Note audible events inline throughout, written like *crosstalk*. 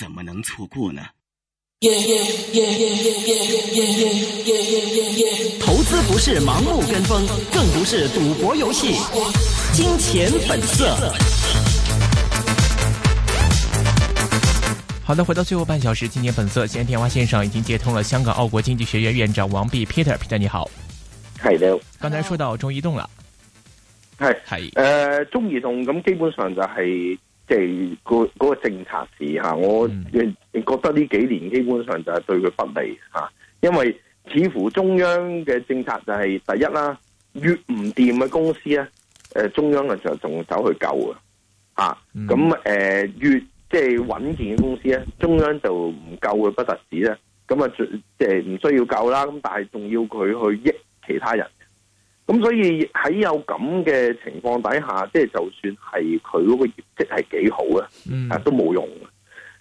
怎麼能錯過呢？投資不是盲目跟風，更不是賭博遊戲。金錢本色。好的，回到最後半小時，金錢本色。現在電話線上已經接通了香港奧國經濟學院院長王弼 Peter，Peter 你好。Hello。剛才說到中移動了。系系，呃，中移動咁基本上就係。即係嗰嗰個政策時吓，我覺得呢幾年基本上就係對佢不利吓，因為似乎中央嘅政策就係第一啦，越唔掂嘅公司啊，誒中央啊就仲走去救啊，吓咁誒越即係穩健嘅公司咧，中央就唔救佢不特止啦，咁啊即係唔需要救啦，咁但係仲要佢去益其他人。咁所以喺有咁嘅情況底下，即、就、係、是、就算係佢嗰個業績係幾好、嗯、啊，啊都冇用。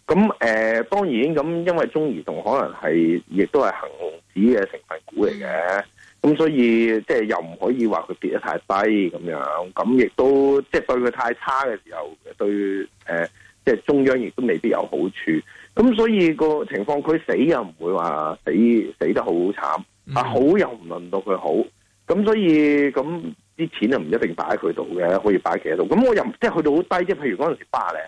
咁誒、呃，當然咁，因為中移動可能係亦都係恒指嘅成分股嚟嘅，咁、嗯、所以即係、就是、又唔可以話佢跌得太低咁樣，咁亦都即係、就是、對佢太差嘅時候，對誒，即、呃、係、就是、中央亦都未必有好處。咁所以個情況，佢死又唔會話死死得好慘，啊、嗯、好又唔輪到佢好。咁所以咁啲錢就唔一定擺喺佢度嘅，可以擺喺其他度。咁我又即係去到好低啫，譬如嗰陣時八廿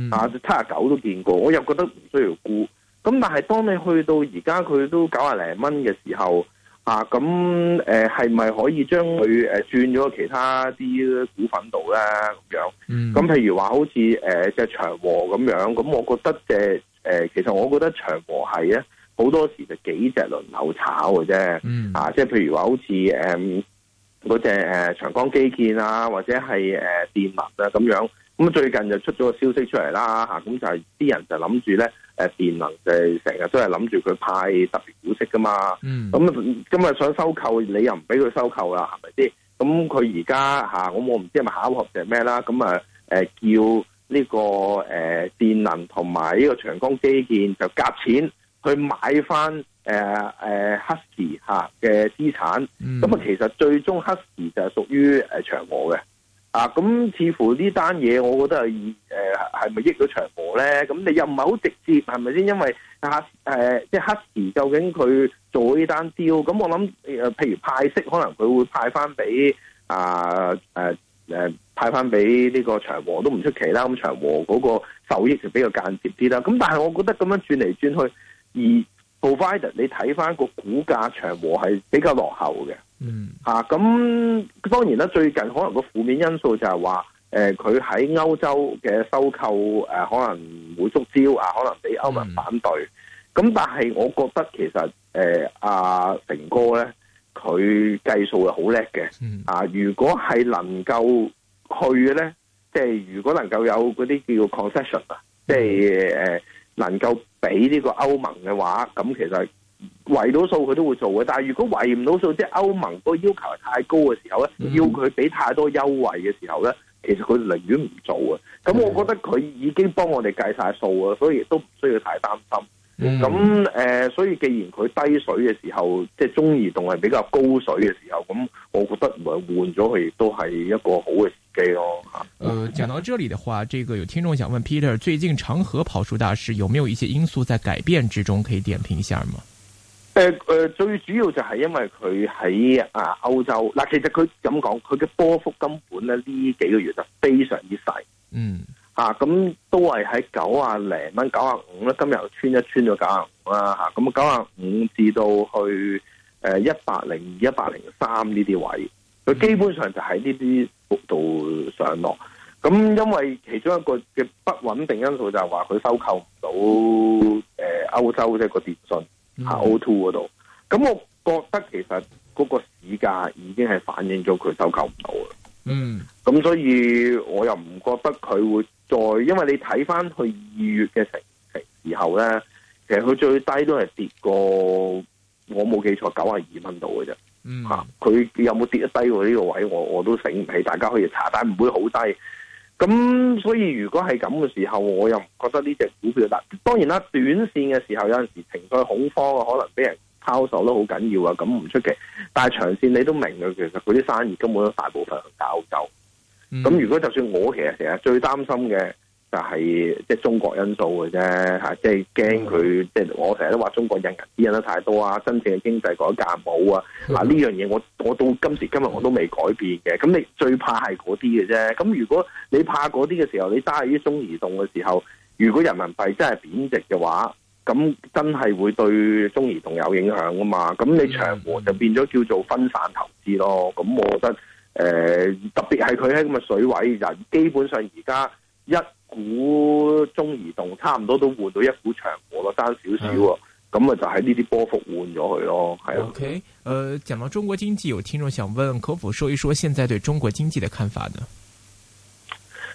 零蚊啊，七十九都見過。我又覺得唔需要沽。咁但係當你去到而家佢都九廿零蚊嘅時候啊，咁誒係咪可以將佢誒、呃、轉咗其他啲股份度咧？咁樣咁、嗯、譬如話好似誒隻長和咁樣，咁我覺得嘅誒、呃，其實我覺得長和係啊。好多時就幾隻輪流炒嘅啫、嗯，啊，即係譬如話好似誒嗰隻誒長江基建啊，或者係誒電能啊咁樣，咁、嗯、最近就出咗個消息出嚟啦嚇，咁就係、係、啲人就諗住咧，誒電能就成日都係諗住佢派特別股息噶嘛，咁、嗯啊、今日想收購你又唔俾佢收購啦，係咪先？咁佢而家嚇，咁、啊、我唔知係咪巧合定咩啦，咁啊誒叫呢、呢個誒、呃、電能同埋呢個長江基建就夾錢。去買翻誒誒黑石嚇嘅資產，咁、嗯、啊其實最終黑石就係屬於誒長和嘅啊。咁似乎呢單嘢，我覺得係係咪益咗長和咧？咁你又唔係好直接，係咪先？因為黑誒即係黑石，究竟佢做呢單 deal，咁我諗譬如派息，可能佢會派翻俾啊，啊派翻俾呢個長和都唔出奇啦。咁長和嗰個受益就比較間接啲啦。咁但係我覺得咁樣轉嚟轉去。而 provider 你睇返個股價，長和係比較落後嘅，嗯嚇咁、啊、當然啦，最近可能個負面因素就係話誒佢喺歐洲嘅收購誒、呃、可能會縮招啊，可能俾歐盟反對。咁、嗯、但係我覺得其實誒阿、呃啊、成哥咧佢計數係好叻嘅，啊如果係能夠去嘅咧，即、就、係、是、如果能夠有嗰啲叫 concession 啊、嗯，即係誒。呃能夠俾呢個歐盟嘅話，咁其實圍到數佢都會做嘅。但係如果圍唔到數，即係歐盟個要求太高嘅時候咧，要佢俾太多優惠嘅時候咧，其實佢寧願唔做啊。咁我覺得佢已經幫我哋計晒數啊，所以亦都唔需要太擔心。咁、嗯、誒、呃，所以既然佢低水嘅時候，即係中移動係比較高水嘅時候，咁我覺得換換咗佢亦都係一個好嘅時機咯。誒、呃，講到這裏的話，這個有聽眾想問 Peter，最近長和跑輸大市有沒有一些因素在改變之中？可以點評一下嗎？誒、呃、誒、呃，最主要就係因為佢喺啊歐洲嗱、啊，其實佢咁講，佢嘅波幅根本咧呢這幾個月就非常之細。嗯。啊，咁都係喺九啊零蚊、九啊五咧。今日又穿一穿咗九五啊五啦，吓、嗯、咁九啊五至到去誒、呃、一百零、二、一百零三呢啲位，佢基本上就喺呢啲幅度上落。咁因為其中一個嘅不穩定因素就係話佢收購唔到誒歐洲即係個電信嚇、嗯啊、O2 嗰度。咁我覺得其實嗰個市價已經係反映咗佢收購唔到啦。嗯，咁所以我又唔覺得佢會。在，因為你睇翻佢二月嘅時時候咧，其實佢最低都係跌過，我冇記錯九十二蚊度嘅啫。嗯，吓佢有冇跌得低過？呢個位我我都醒唔起，大家可以查。但係唔會好低。咁所以如果係咁嘅時候，我又唔覺得呢隻股票，但當然啦，短線嘅時候有陣時情緒恐慌啊，可能俾人拋售都好緊要啊，咁唔出奇。但係長線你都明嘅，其實嗰啲生意根本都大部分喺歐洲。咁、嗯、如果就算我其實成日最擔心嘅就係即係中國因素嘅啫，吓，即係驚佢即係我成日都話中國印銀紙印得太多啊，真正嘅經濟改革冇、嗯、啊，啊呢樣嘢我我到今時今日我都未改變嘅。咁你最怕係嗰啲嘅啫。咁如果你怕嗰啲嘅時候，你揸於中移動嘅時候，如果人民幣真係貶值嘅話，咁真係會對中移動有影響啊嘛。咁你長和就變咗叫做分散投資咯。咁我覺得。誒、呃，特別係佢喺咁嘅水位，就基本上而家一股中移動差唔多都換到一股長和一點點、uh. 咯，爭少少啊，咁啊就喺呢啲波幅換咗佢咯，係。OK，誒，講到中國經濟，有聽眾想問，可否說一說現在對中國經濟嘅看法呢？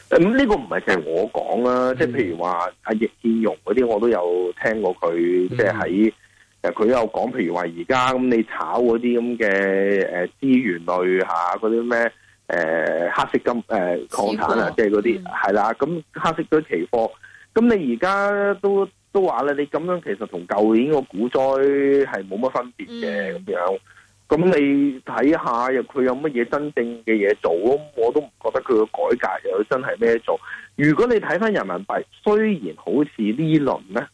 誒、嗯，咁呢個唔係淨係我講啦，即係譬如話阿易建榮嗰啲，我都有聽過佢，即係喺。誒，佢有講，譬如話而家咁你炒嗰啲咁嘅誒資源類吓，嗰啲咩誒黑色金誒礦產啊，即係嗰啲係啦，咁黑色都期貨。咁你而家都都話咧，你咁樣其實同舊年個股災係冇乜分別嘅咁樣。咁你睇下又佢有乜嘢真正嘅嘢做咯？我都唔覺得佢嘅改革又真係咩做。如果你睇翻人民幣，雖然好似呢輪咧。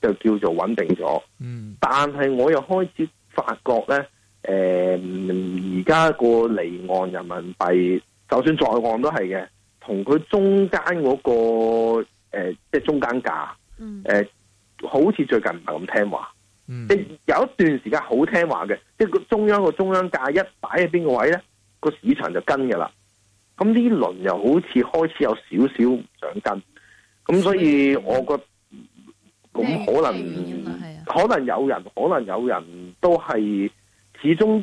就叫做穩定咗、嗯，但係我又開始發覺咧，誒、呃，而家個離岸人民幣就算在岸都係嘅，同佢中間嗰、那個誒，即、呃、係中間價，誒、嗯呃，好似最近唔係咁聽話、嗯，即有一段時間好聽話嘅，即係個中央個中央價一擺喺邊個位咧，個市場就跟噶啦，咁呢輪又好似開始有少少唔想跟，咁所以我覺、嗯。咁可能可能有人，可能有人都係始終，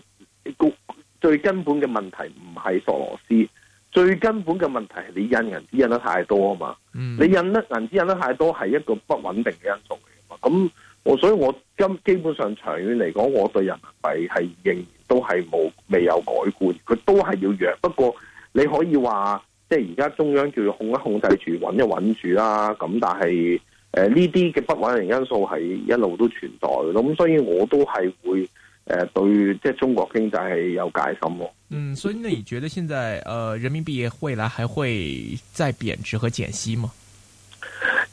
個最根本嘅問題唔係索羅斯，最根本嘅問題係你印銀紙印得太多啊嘛、嗯。你印得銀紙印得太多係一個不穩定嘅因素嚟噶嘛。咁我所以我，我今基本上長遠嚟講，我對人民幣係仍然都係冇未有改觀，佢都係要弱。不過你可以話，即係而家中央叫控一控制住，穩一穩住啦。咁但係。誒、呃，呢啲嘅不穩定因素係一路都存在，咁所以我都係會誒、呃、對，即係中國經濟係有戒心咯。嗯，所以你覺得現在誒、呃、人民幣未來還會再貶值和減息嗎？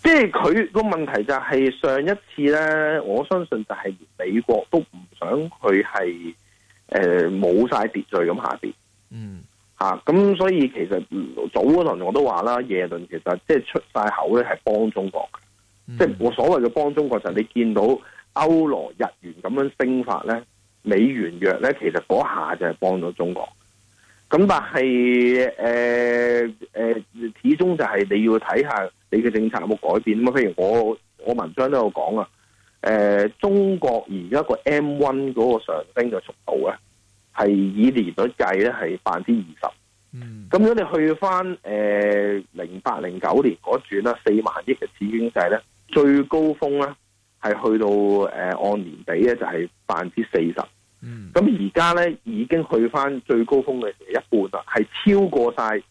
即係佢個問題就係上一次咧，我相信就係美國都唔想佢係誒冇晒秩序咁下邊。嗯，嚇、啊、咁所以其實早嗰輪我都話啦，耶倫其實即係出曬口咧係幫中國嘅。即係我所謂嘅幫中國就係你見到歐羅日元咁樣升法咧，美元弱咧，其實嗰下就係幫咗中國。咁但係誒誒，始終就係你要睇下你嘅政策有冇改變啊嘛。譬如我我文章都有講啊，誒、呃，中國而家個 M1 嗰個上升嘅速度咧，係以年率計咧係百分之二十。嗯，咁、嗯、如果你去翻誒零八零九年嗰轉啦，四萬億嘅刺激經濟咧，最高峰咧係去到誒、呃、按年比咧就係百分之四十。嗯，咁而家咧已經去翻最高峰嘅一半啦，係超過晒、嗯、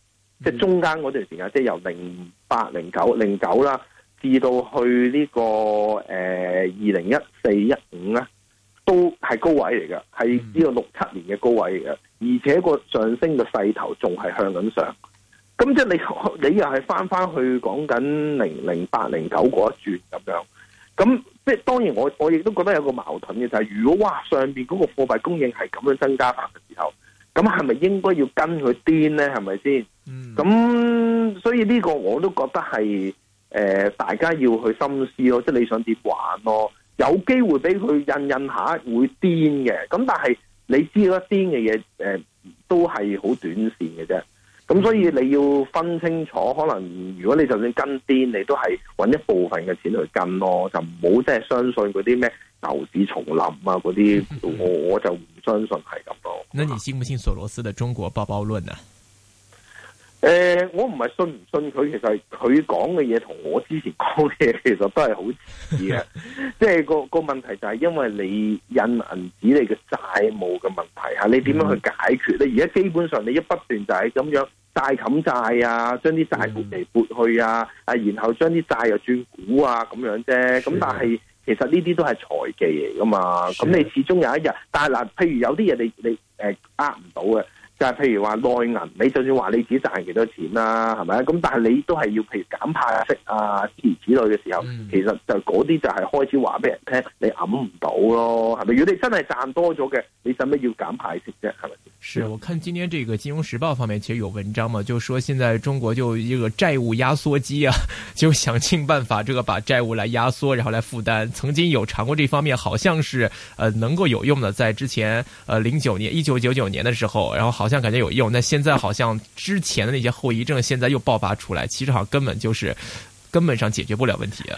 即係中間嗰段時間，即係由零八零九零九啦，至到去呢、這個誒二零一四一五呢，呃、2014, 15，都係高位嚟㗎，係、嗯、呢個六七年嘅高位嚟㗎。而且個上升嘅勢頭仲係向緊上，咁即係你你又係翻翻去講緊零零八零九嗰一轉咁樣，咁即係當然我我亦都覺得有個矛盾嘅就係、是、如果哇上邊嗰個貨幣供應係咁樣增加法嘅時候，咁係咪應該要跟佢癲咧？係咪先？咁、嗯、所以呢個我都覺得係誒、呃、大家要去深思咯，即係你想點玩咯？有機會俾佢印印下會癲嘅，咁但係。你知道一啲嘅嘢，誒、呃、都係好短線嘅啫。咁所以你要分清楚，可能如果你就算跟跌，你都係揾一部分嘅錢去跟咯，我就唔好即係相信嗰啲咩牛市重臨啊嗰啲，我我就唔相信係咁多。 *laughs* 那你信唔信索羅斯的中國包包論啊？誒、呃，我唔係信唔信佢，其實佢講嘅嘢同我之前講嘅嘢，其實都係好似嘅。 *laughs* 即係個個問題就係因為你印銀紙、你嘅債務嘅問題吓，你點樣去解決咧？而、嗯、家基本上你一不斷就係咁樣債冚債啊，將啲債撥嚟撥去啊，啊、嗯、然後將啲債又轉股啊，咁樣啫。咁但係其實呢啲都係財技嚟噶嘛。咁你始終有一日，但係嗱，譬如有啲嘢你你誒呃唔到嘅。就係譬如話內銀，你就算話你自己賺幾多錢啦，啊，係咪？咁但係你都係要譬如減派息啊，諸如此類嘅時候，其實就嗰啲就係開始話俾人聽，你揞唔到咯，係咪？如果你真係賺多咗嘅，你使乜要減派息啫，係咪？是啊，我看今天這個金融時報方面其實有文章嘛，就說現在中國就一個債務壓縮機啊，就想盡辦法這個把債務來壓縮，然後來負擔。曾經有嘗過這方面，好像是呃能夠有用的，在之前呃零九年一九九九年嘅時候，然後好。好像感覺有用，但現在好像之前的那些後遺症，現在又爆發出來。其實好像根本就是根本上解決不了問題啊。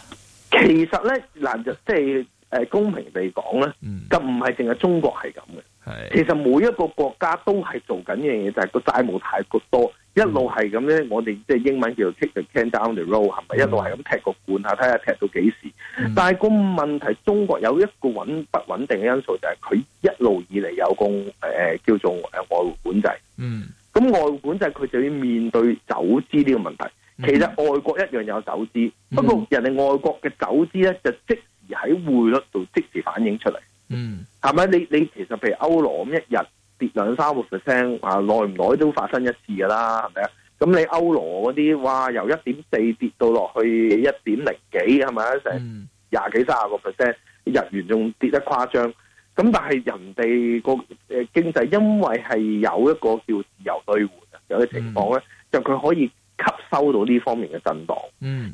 其實呢嗱就即係誒，公平地講呢咁唔係淨係中國係咁嘅，係、嗯、其實每一個國家都係做緊一樣嘢，就係、是、個債務太過多。一路係咁咧，我哋即係英文叫做 kick the can down the road，係咪？Mm-hmm. 一路係咁踢個罐啊，睇下踢到幾時。Mm-hmm. 但係個問題，中國有一個穩不穩定嘅因素，就係佢一路以嚟有個誒、呃、叫做誒外匯管制。嗯，咁外匯管制佢就要面對走資呢個問題。其實外國一樣有走資，mm-hmm. 不過人哋外國嘅走資咧就即時喺匯率度即時反映出嚟。嗯，係咪？你你其實譬如歐羅咁一日。跌兩三個 percent，啊，耐唔耐都發生一次噶啦，係咪啊？咁你歐羅嗰啲，哇，由一點四跌到落去一點零幾，係咪啊？成廿幾三十個 percent，日元仲跌得誇張。咁但係人哋個誒經濟，因為係有一個叫自由兌換有啲情況咧，就佢可以。吸收到呢方面嘅震盪，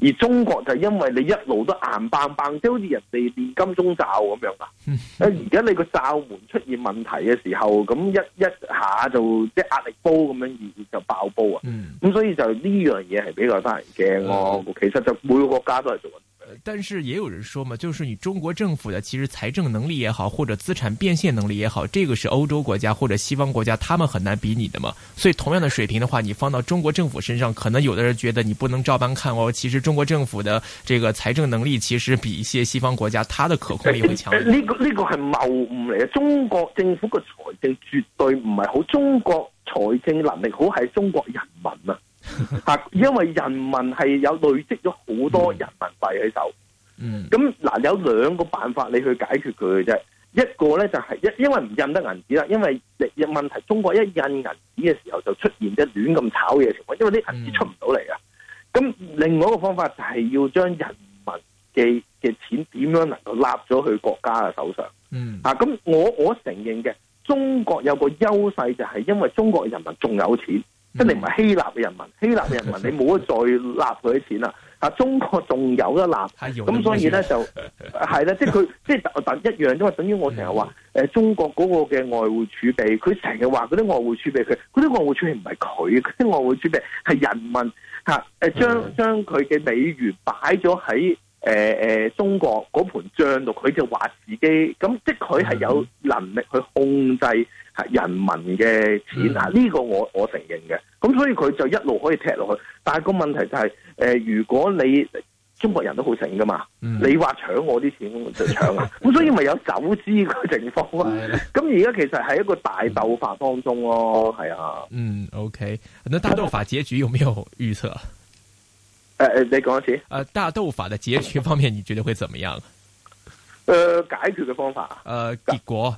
而中國就因為你一路都硬棒棒，即係好似人哋練金鐘罩咁樣啊！而家你個罩門出現問題嘅時候，咁一一下就即係壓力煲咁樣，而就爆煲啊！咁、嗯、所以就呢樣嘢係比較得人驚咯。其實就每個國家都係做緊。但是也有人說嘛，就是你中國政府的其實財政能力也好，或者資產變現能力也好，這個是歐洲國家或者西方國家他們很難比擬的嘛。所以同樣的水平的話，你放到中國政府身上，可能有的人覺得你不能照搬看哦。其實中國政府的這個財政能力，其實比一些西方國家它的可控力會強。呢個呢個係謬誤嚟嘅。中國政府嘅財政絕對唔係好，中國財政能力好係中國人民啊。吓， *laughs* 因為人民係有累積咗好多人民幣喺手，嗯，咁、嗯、嗱有兩個辦法你去解決佢嘅啫，一個咧就係、是、因因為唔印得銀紙啦，因為問題中國一印銀紙嘅時候就出現一亂咁炒嘢嘅情況，因為啲銀紙出唔到嚟啊，咁、嗯、另外一個方法就係要將人民嘅嘅錢點樣能夠納咗去國家嘅手上，嗯，吓、啊，咁我我承認嘅，中國有個優勢就係因為中國人民仲有錢。真係唔係希臘嘅人民，希臘嘅人民你冇 *laughs* 得再納佢啲錢啦。啊 *laughs* 然、 *laughs* 就是就是呃，中國仲有得納，咁所以咧就係啦，即係佢即係等一樣都係等於我成日話誒中國嗰個嘅外匯儲備，佢成日話嗰啲外匯儲備，佢嗰啲外匯儲備唔係佢，嗰啲外匯儲備係人民嚇誒、啊、將將佢嘅美元擺咗喺。誒、呃、誒，中國嗰盤仗到佢就話自己咁，即係佢係有能力去控制人民嘅錢啊！呢、嗯這個我我承認嘅，咁所以佢就一路可以踢落去。但係個問題就係、是、誒、呃，如果你中國人都好醒㗎嘛，嗯、你話搶我啲錢就搶啊！咁、嗯、所以咪有走私個情況咯。咁而家其實係一個大鬥法當中咯，係、嗯、啊。嗯，OK，大鬥法結局有沒有預測？誒、呃、誒，你講一次。誒、呃，大鬥法的結局方面，你覺得會怎麼樣？誒、呃，解決嘅方法啊？誒、呃，結果、啊、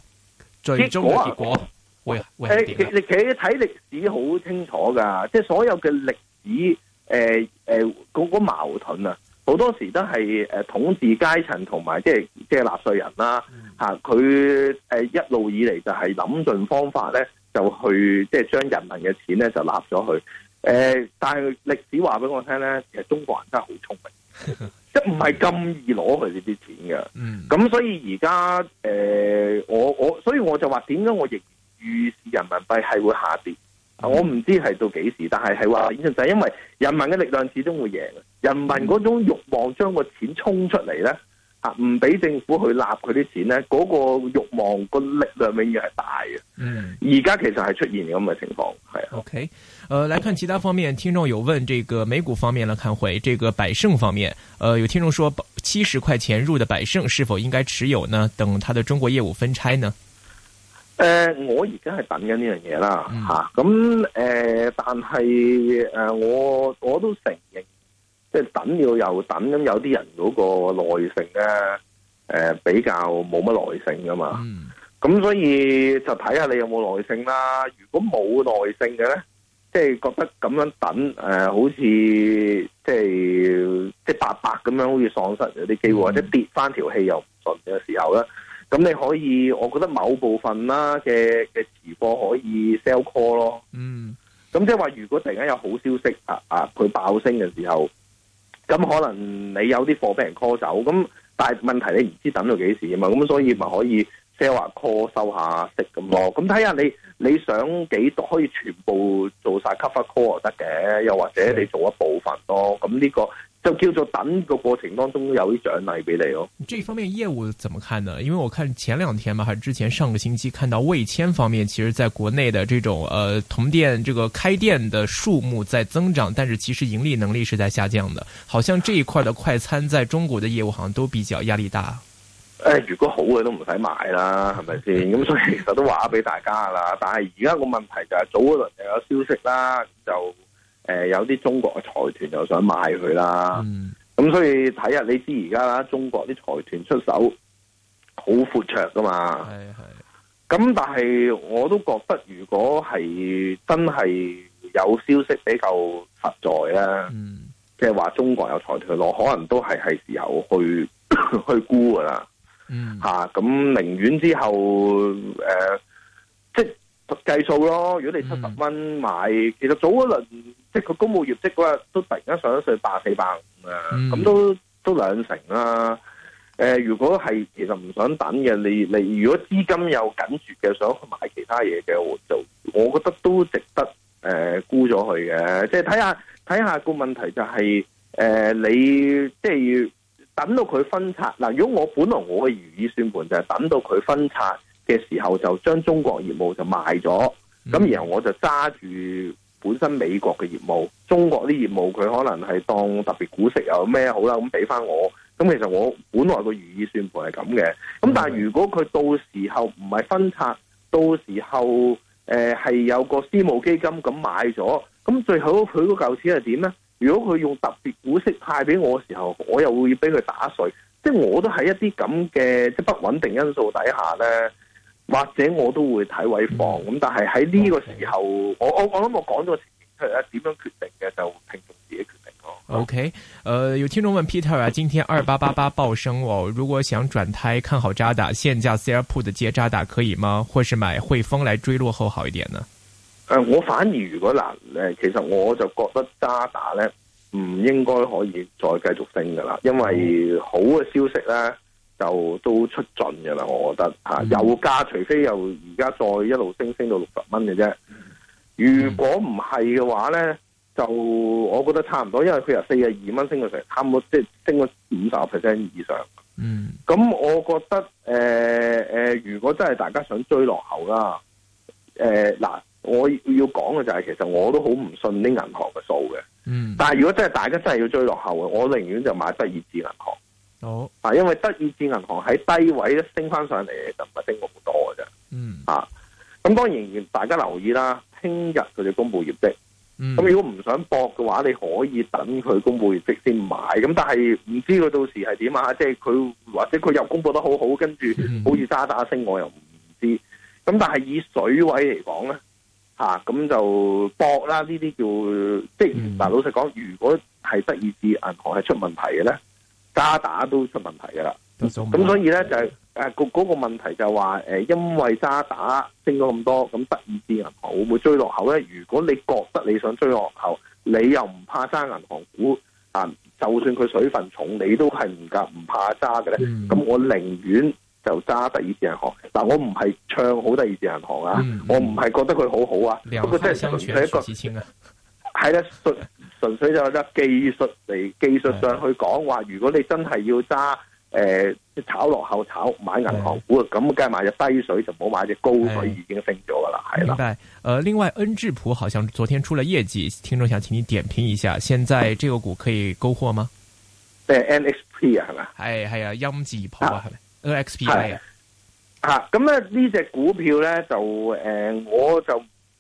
最終結果，結果、啊、會誒、呃，其實佢睇歷史好清楚噶，即、就、係、是、所有嘅歷史誒誒，嗰、呃、個、呃、矛盾啊，好多時都係誒統治階層同埋即係即係納稅人啦，吓佢誒一路以嚟就係諗盡方法咧，就去即係將人民嘅錢咧就納咗去。誒、呃，但係歷史話俾我聽咧，其實中國人真係好聰明， *laughs* 即係唔係咁易攞佢哋啲錢嘅。嗯，咁所以而家誒，我我所以我就話點解我亦預預示人民幣係會下跌？ *laughs* 我唔知係到幾時，但係，係話，就係因為人民嘅力量始終會贏，人民嗰種慾望將個錢衝出嚟，咧，吓唔俾政府去納佢啲錢咧，嗰、嗰個慾望個力量永遠係大嘅。嗯，而家其實係出現咁嘅情況，係啊。Okay. 呃來看其他方面，聽眾有問這個美股方面呢？看回這個百勝方面，呃有聽眾說，七十塊錢入的百勝是否應該持有呢？等他的中國業務分拆呢？誒、呃，我而家係等緊呢樣嘢啦，吓、嗯、咁、啊、誒，但係誒、呃呃，我我都承認，即、就、係、是、等要又等，咁有啲人嗰個耐性咧，誒、呃，比較冇乜耐性噶嘛，咁、嗯、所以就睇下你有冇耐性啦。如果冇耐性嘅咧，即、覺得咁樣等誒、呃，好似即係即係白白咁樣，好似喪失啲機會、嗯，或者跌翻條氣又唔順嘅時候咧，咁你可以，我覺得某部分啦嘅嘅持貨可以 sell call 咯。嗯，咁即係話，如果突然間有好消息啊啊，佢爆升嘅時候，咁可能你有啲貨俾人 call 走，咁但係問題你唔知等到幾時啊嘛，咁所以咪可以。即係話 call 收下息咁咯，咁睇下你，你想幾多，可以全部做晒 cover call 又得嘅，又或者你做一部分咯，咁呢個就叫做等個過程當中有啲獎勵俾你咯。呢方面業務怎麼看呢？因為我看前兩天嘛，還是之前上個星期看到未簽方面，其實在國內嘅這種呃同店這個開店嘅數目在增長，但是其實盈利能力是在下降的。好像這一塊的快餐在中國的業務好像都比較壓力大。誒，如果好嘅都唔使買啦，係咪先？咁所以其實都話咗俾大家啦。但係而家個問題就係、是、早嗰輪又有消息啦，就誒、呃、有啲中國嘅財團就想買佢啦。咁、嗯、所以睇下你知而家啦，中國啲財團出手好闊綽噶嘛。係係。咁但係我都覺得，如果係真係有消息比較實在咧，即係話中國有財團落，可能都係係時候去 *coughs* 去沽噶啦。嗯吓，咁寧願之後誒、呃，即係計數咯。如果你七十蚊買、嗯，其實早一輪即係個公布業績嗰日都突然間上咗去八四八五啊，咁、嗯、都都兩成啦。誒、呃，如果係其實唔想等嘅，你你如果資金有緊絀嘅，想去買其他嘢嘅，我就我覺得都值得誒、呃、沽咗佢嘅。即係睇下睇下個問題就係、是、誒、呃，你即係。等到佢分拆嗱，如果我本來我嘅如意算盤就係等到佢分拆嘅時候就將中國業務就賣咗，咁、嗯、然後我就揸住本身美國嘅業務，中國啲業務佢可能係當特別股息又咩好啦，咁俾翻我，咁其實我本來個如意算盤係咁嘅，咁但係如果佢到時候唔係分拆，到時候誒係、呃、有個私募基金咁買咗，咁最後佢嗰嚿錢係點咧？如果佢用特別股息派俾我嘅時候，我又會俾佢打碎，即係我都喺一啲咁嘅即係不穩定因素底下咧，或者我都會睇位放。咁。但係喺呢個時候，嗯 okay。我我我諗我講咗前面出嚟，點樣決定嘅就聽眾自己決定咯。OK，誒、呃、有聽眾問 Peter 啊，今天二八八八爆升哦，如果想轉胎看好渣打，現價 sell put 嘅，的接渣打可以嗎？或是買匯豐嚟追落後好一點呢？誒，我反而如果嗱，誒，其實我就覺得渣打咧唔應該可以再繼續升噶啦，因為好嘅消息咧就都出盡噶啦，我覺得吓。油、嗯、價除非又而家再一路升升到六十蚊嘅啫，如果唔係嘅話咧、嗯，就我覺得差唔多，因為佢由四十二蚊升到成差唔多即係升咗五十 percent 以上。嗯，咁我覺得誒誒、呃呃，如果真係大家想追落後、呃、啦，誒嗱，我。要講嘅就係，其實我都好唔信啲銀行嘅數嘅。嗯，但係如果真係大家真係要追落後嘅，我寧願就買德意志銀行。好、哦、啊，因為德意志銀行喺低位一升翻上嚟，就唔係升好多嘅啫。嗯啊，咁當然大家留意啦，聽日佢哋公布業績。咁、嗯、如果唔想搏嘅話，你可以等佢公布業績先買。咁但係唔知佢到時係點啊？即係佢或者佢又公布得好好，跟住好似渣打升，我又唔知道。咁但係以水位嚟講咧。咁、啊、就搏啦！呢啲叫即嗱，嗯、老實講，如果係德意志銀行係出問題嘅咧，渣打都出問題嘅啦。咁所以咧就係嗰嗰個問題就話，因為渣打升咗咁多，咁德意志銀行會唔會追落後咧？如果你覺得你想追落後，你又唔怕揸銀行股啊，就算佢水分重，你都係唔唔怕揸嘅咧。咁、嗯、我寧願，就揸德意志銀行嗱，但我唔係唱好德意志銀行、嗯、不是啊，我唔係覺得佢好好啊。不過即係純粹係一個係啦，純純粹就咧技術嚟技術上去講話、哎，如果你真係要揸誒炒落後炒，炒買銀行股啊，咁梗係買隻低水就唔好買隻高水、哎、已經升咗噶啦，係啦、呃。另外，誒，另外恩智浦好像昨天出了業績，聽眾想請你點評一下，現在這個股可以溝貨嗎？誒，NXP 啊，係、哎、咪？係係啊，恩智浦啊。NXP 係啊，吓，咁咧呢隻股票咧就誒、呃，我就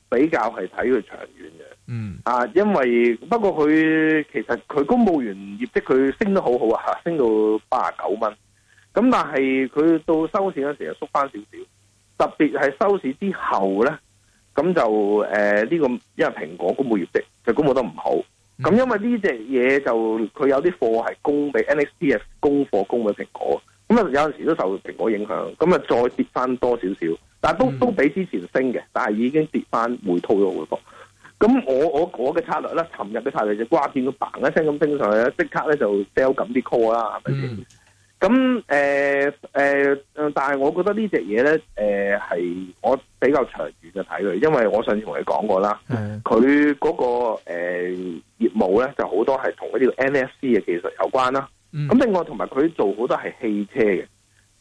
比較係睇佢長遠嘅，嗯啊，因為不過佢其實佢公務員業績佢升得好好啊，升到八啊九蚊，咁但係佢到收市嗰陣時又縮翻少少，特別係收市之後咧，咁就誒呢、呃這個因為蘋果公布業績就公布得唔好，咁、嗯啊、因為呢隻嘢就佢有啲貨係供俾 NXP 啊，供貨供俾蘋果。咁、嗯、啊，有陣時都受蘋果影響，咁、嗯、啊、嗯、再跌翻多少少，但係都都比之前升嘅，但係已經跌翻回吐咗好多。咁我我我嘅策略咧，尋日嘅策略就瓜片都 bang 一聲咁升上去，即刻咧就 sell 緊啲 call 啦，係咪先？咁誒誒，但係我覺得這呢隻嘢咧，誒、呃、係我比較長遠嘅睇佢，因為我上次同你講過啦，佢嗰、那個誒、呃、業務咧就好多係同呢個 NFC 嘅技術有關啦。咁、嗯、另外同埋佢做好多係汽車嘅。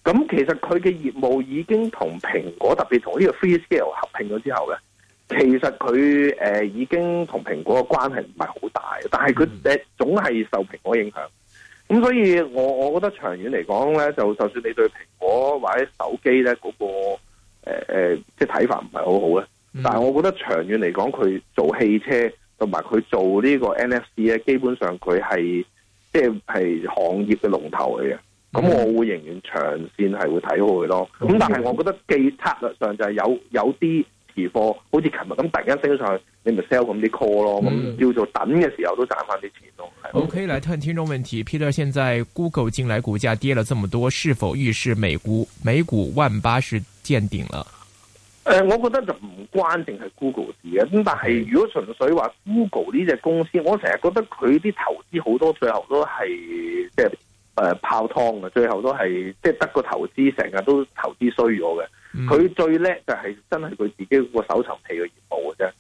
咁其實佢嘅業務已經同蘋果，特別同呢個 FreeScale 合併咗之後咧，其實佢誒、呃、已經同蘋果嘅關係唔係好大，但係佢誒總係受蘋果影響。咁、嗯、所以我我覺得長遠嚟講咧，就就算你對蘋果或者手機咧嗰個誒誒即係睇法唔係好好咧、嗯，但係我覺得長遠嚟講，佢做汽車同埋佢做呢個 NFC 咧，基本上佢係。即係行業嘅龍頭嚟嘅，咁我會仍然長線係會睇好佢咯。咁但係我覺得，既策略上就係有有啲期貨，好似琴日咁突然間升上去，你咪 sell 咁啲 call 咯。咁叫做等嘅時候都賺翻啲錢咯。OK，嚟聽聽眾問題，Peter，現在 Google 近來股價跌了這麼多，是否預示美股美股萬八是見頂了？誒、呃，我覺得就唔關淨係 Google 事嘅，咁但係如果純粹話 Google 呢隻公司，我成日覺得佢啲投資好多最後都係即係誒泡湯嘅，最後都係即係得個投資成日都投資衰咗嘅。佢、嗯、最叻就係、是、真係佢自己嗰個搜尋器嘅業務嘅啫。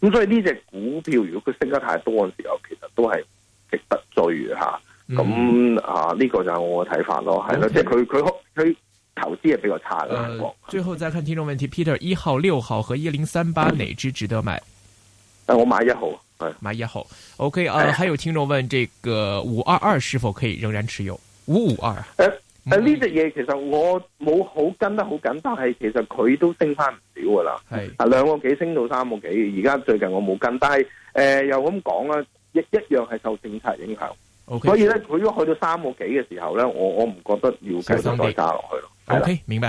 咁所以呢隻股票如果佢升得太多嘅時候，其實都係值得追吓。咁、嗯、啊呢、這個就係我嘅睇法咯，係、okay. 咯，即係佢佢佢。投資係比較差啦、呃。最後再看聽眾問題，Peter 一號、六號和一零三八，哪支值得買？誒，我買一號，係買一號。OK 啊、呃呃，還有聽眾問這個五二二是否可以仍然持有？五五二？誒、呃、誒，呢隻嘢其實我冇好跟得好緊，但係其實佢都升翻唔少噶啦。係啊，兩個幾升到三個幾，而家最近我冇跟，但係誒、呃、又咁講啦，一一樣係受政策影響。Okay. 所以咧，佢如果去到三個幾嘅時候咧，我我唔覺得要繼續再加落去咯。O、okay. K、okay. 明白。